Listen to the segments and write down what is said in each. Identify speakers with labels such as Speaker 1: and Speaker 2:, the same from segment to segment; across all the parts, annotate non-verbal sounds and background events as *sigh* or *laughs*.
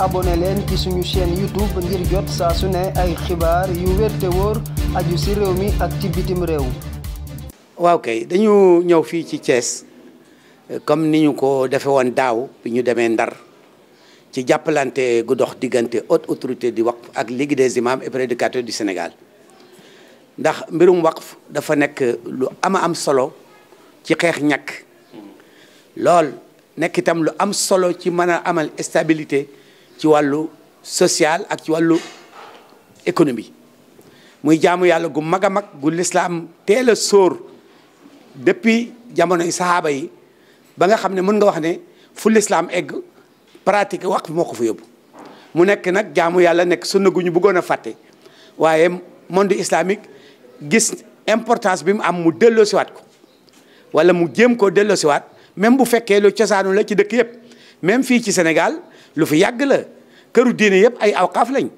Speaker 1: abonné leen ki suñu chaîne YouTube ngir jot saa su ne ay xibaar yu wér te wóor aju si réew mi ak ci bitim réew.
Speaker 2: waaw kay dañu ñëw fii ci cees comme ni ñu ko defee woon daaw bi ñu demee Ndar ci jàppalante gu dox diggante haute autorité di waqf ak Ligue des imams et prédicateurs du Sénégal ndax mbirum waqf dafa nekk lu ama am solo ci xeex ñàkk lool nekk itam lu am solo ci mën a amal stabilité. ci wàllu social ak ci wàllu économie muy jaamu yàlla gu mag a mag gu lislaam teel a sóor depuis jamonoy sahaaba yi ba nga xam ne mën nga wax ne fu lislaam egg pratique waqf moo ko fa yóbbu mu nekk nag jaamu yàlla nekk sunna gu ñu bëggoon a fàtte waaye monde islamique gis importance bi mu am mu delloosiwaat ko wala mu jëm koo delloosiwaat même bu fekkee lu cosaanu la ci dëkk yëpp même fii ci Sénégal lu fi yàgg la këru diine yëpp ay aw awqaaf lañ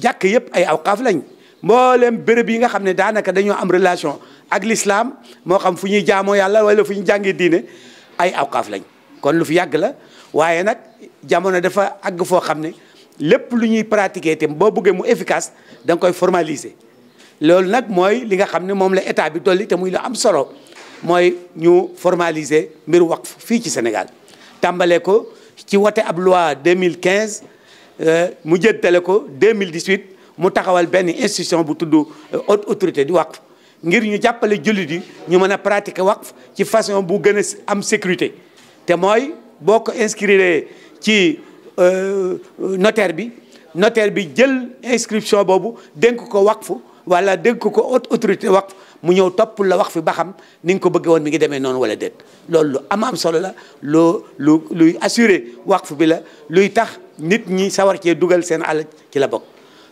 Speaker 2: jàkk yëpp ay aw awqaaf lañ mboolem béréb yi nga xam ne daanaka dañoo am relation ak l'islam moo xam fu ñuy jaamoo yàlla wala fu ñuy jàngee diine ay awqaaf lañ kon lu fi yàgg la waaye nag jamono dafa àgg foo xam ne lépp lu ñuy pratiquer te boo bëggee mu efficace da nga koy formaliser loolu nag mooy li nga xam ne moom la état bi dolli muy lu am solo mooy ñu formaliser mbiru waqf fii ci Sénégal tàmbalee ko ci wote ab loi 2015 euh, mu jëntale ko 2018 mu taxawal benn institution bu tudd euh, haute autorité di waqf ngir ñu jàppale jullit yi ñu mën a pratiquer waqf ci façon bu gën a am sécurité te mooy boo ko inscrire ci euh, notaire bi notaire bi jël inscription boobu dénk ko fu wala dégg ko haute autorité waqf mu ñëw topp la wax fi ba xam ni nga ko bëggee woon mi ngi deme noonu wala déet lool lu am am solo la loo lu luy assuré waqf bi la luy tax nit ñi sawar cee dugal seen àll ci la bokk.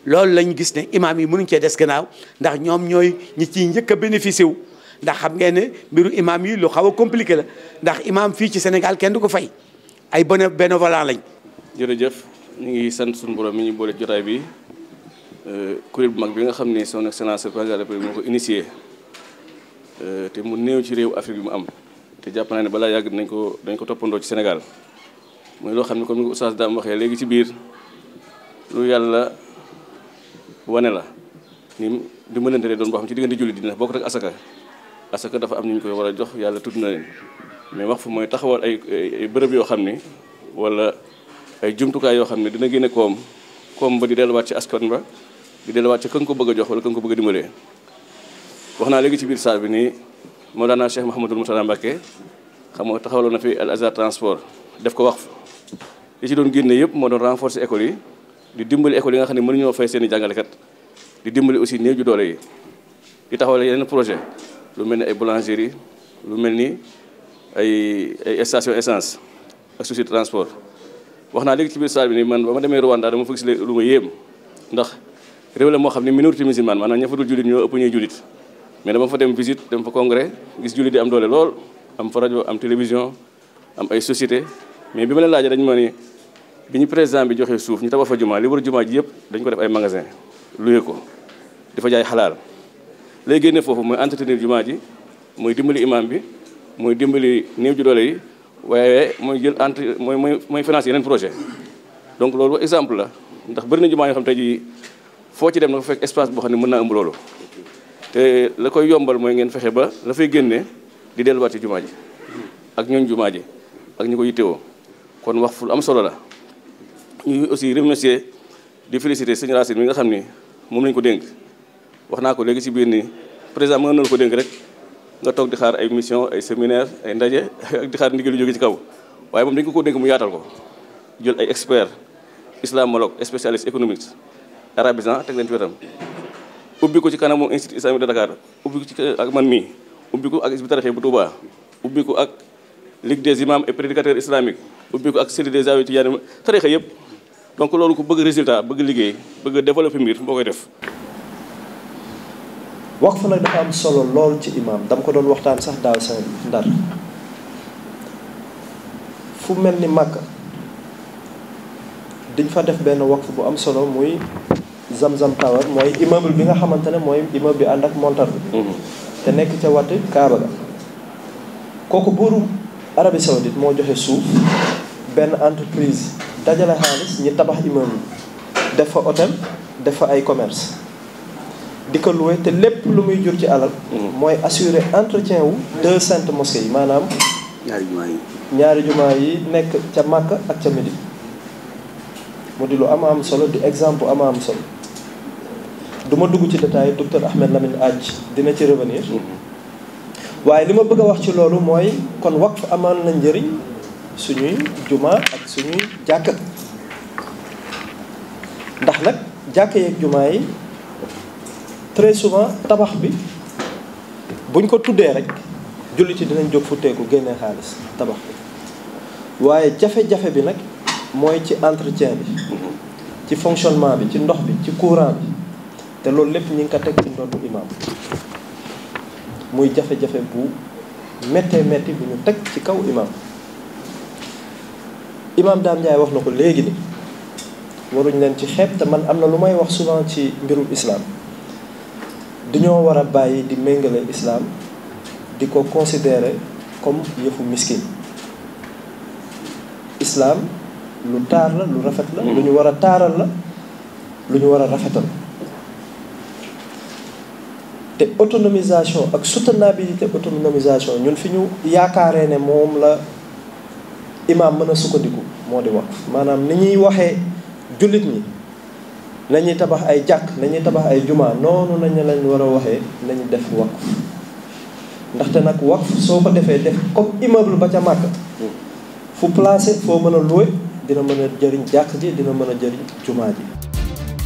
Speaker 2: loolu lañ gis ne imaam yi mënuñ cee des gannaaw ndax ñoom ñooy ñi ciy njëkk a bénéficié wu ndax xam ngeen ne mbiru imaam yi lu xaw a compliqué la ndax imaam fii ci Sénégal kenn du ko fay ay bénévolat
Speaker 3: lañ. jërëjëf ñu ngi sant suñu borom mi ñu boole jotaay bi. Euh, kuréel bu mag bi nga xam ne son excellence président de la République moo ko initié euh, te mu néew ci réew Afrique bi mu am te jàpp naa ne balaa yàgg nañ ko dañ ko toppandoo ci Sénégal mooy loo xam ne comme ni ko Oustaz waxee léegi ci biir lu yàlla wane la ni dimbalante doon boo xam ci diggante jullit dina bokk ak asaka asaka dafa am ni ñu koy war a jox yàlla tudd na mais wax fu mooy taxawal ay ay bërëb yoo xam ne wala ay jumtukaay yoo xam ne dina génne koom koom ba di delluwaat ci askan ba di delluwaat ca ka ko bëgg a jox wala ka wax naa léegi ci biir saal bi nii Mawlana Cheikh Mouhamadul Moutala Mbacké xam nga taxawaloon na fi Al Azhar transport def ko wax li ci doon génne yëpp moo doon renforcer école yi di dimbali école yi nga xam ne mënuñoo fay seen i jàngalekat di dimbali aussi néew ju doole yi di la yeneen projet lu mel ni ay boulangerie lu mel ni ay ay station essence ak société transport wax naa léegi ci biir saal bi nii man ba ma demee Rwanda dama fëgg si lu ma yéem ndax réew la moo xam ne minorité musulmane maanaam ña fa dul jullit ñoo ëpp ñuy jullit mais dama fa dem visite dem fa congrès gis jullit di am doole lool am fa rajo am télévision am ay société mais bi ma leen laajee dañ ma bi ñu président bi joxee suuf ñu tabax fa jumaa li war jumaa ji yëpp dañ ko def ay magasin luye ko dafa jaay xalaal lay génne foofu mooy entretenir jumaa ji mooy dimbali imam bi mooy dimbali néew ju doole yi waaye mooy jël entre mooy mooy mooy financer yeneen projet loolu exemple la ndax foo ci dem na fa fekk espace boo xam ne mën naa ëmb loolu te la koy yombal mooy ngeen fexe ba la fay génne di delluwaat ci jumaa ji ak ñooñ jumaa ji ak ñu ko yittewoo kon wax fu am solo la ñuy aussi remercier di féliciter sëñ mi nga xam ni moom lañ ko dénk wax naa ko léegi ci biir nii président mën nañ ko dénk rek nga toog di xaar ay mission ay séminaire ay ndaje *laughs* ak di xaar ndigal yu jóge ci kaw waaye moom dañ ko ko dénk mu yaatal ko jël ay expert islamologue spécialiste économique arabisant teg leen ci ubbi ko ci kanamu institut islamique de Dakar ubbi ko ci ak man mii ubbi ko ak isbi tarixee bu Touba ubbi ko ak ligue des imams et prédicateurs islamiques ubbi ko ak cellule des awi ci yaani tarixa yëpp donc loolu ko bëgg résultat bëgg liggéey bëgg développer mbir boo koy def
Speaker 1: waqf nag dafa am solo lool ci imam dam ko doon waxtaan sax daaw sa ndar fu mel ni Màkka diñ fa def benn waqf bu am solo muy Zamzam Tower mooy immeuble bi nga xamante ne mooy immeuble bi ànd ak montar bi mhm. te nekk ca watt Kaaba ga kooku buuru Arabie Saoudite moo joxe suuf benn entreprise dajale xaalis ñi tabax immeuble def fa hôtel def fa ay commerce di ko loué te lépp lu muy jur ci alal mhm. mooy assurer entretien wu deux saintes mosquées yi maanaam ñaari jumaa yi nekk ca Makka ak ca Médine mu di lu am am solo di exemple am am solo du ma dugg ci détail docteur Ahmed Lamine Adj dina ci revenir waaye li ma bëgg a wax ci loolu mooy kon waqf amaan na njariñ suñuy jumaa ak suñuy jàkk ndax nag jàkk yeeg jumaa yi très souvent tabax bi buñ ko tuddee rek jullit yi dinañ jóg futteeku génnee xaalis tabax bi waaye jafe-jafe bi nag mooy ci entretien bi ci fonctionnement bi ci ndox bi ci courant bi te loolu lépp ñi ngi ko teg ci ndondu imaam muy jafe-jafe bu méttee metti bu ñu teg ci kaw imaam imaam Dame Ndiaye wax na ko léegi ni waruñ leen ci xeeb te man am na lu may wax souvent ci mbirum islaam dañoo war a bàyyi di méngale islaam di ko considérer comme yëfu miskin islaam lu taar la lu rafet la lu ñu war a taaral la lu ñu war a rafetal te autonomisation ak soutenabilité autonomisation ñun fi ñu yaakaaree ne moom la imaam mën a sukkandiku moo di waqf maanaam ni ñuy waxee jullit ñi nañuy tabax ay jàkk nañuy tabax ay jumaa noonu nañ lañ war a waxee nañu def waqf ndaxte nag wax soo ko defee def comme immeuble ba ca màkk fu placé foo mën a loué dina mën a jëriñ jàkk ji dina mën a jëriñ jumaa ji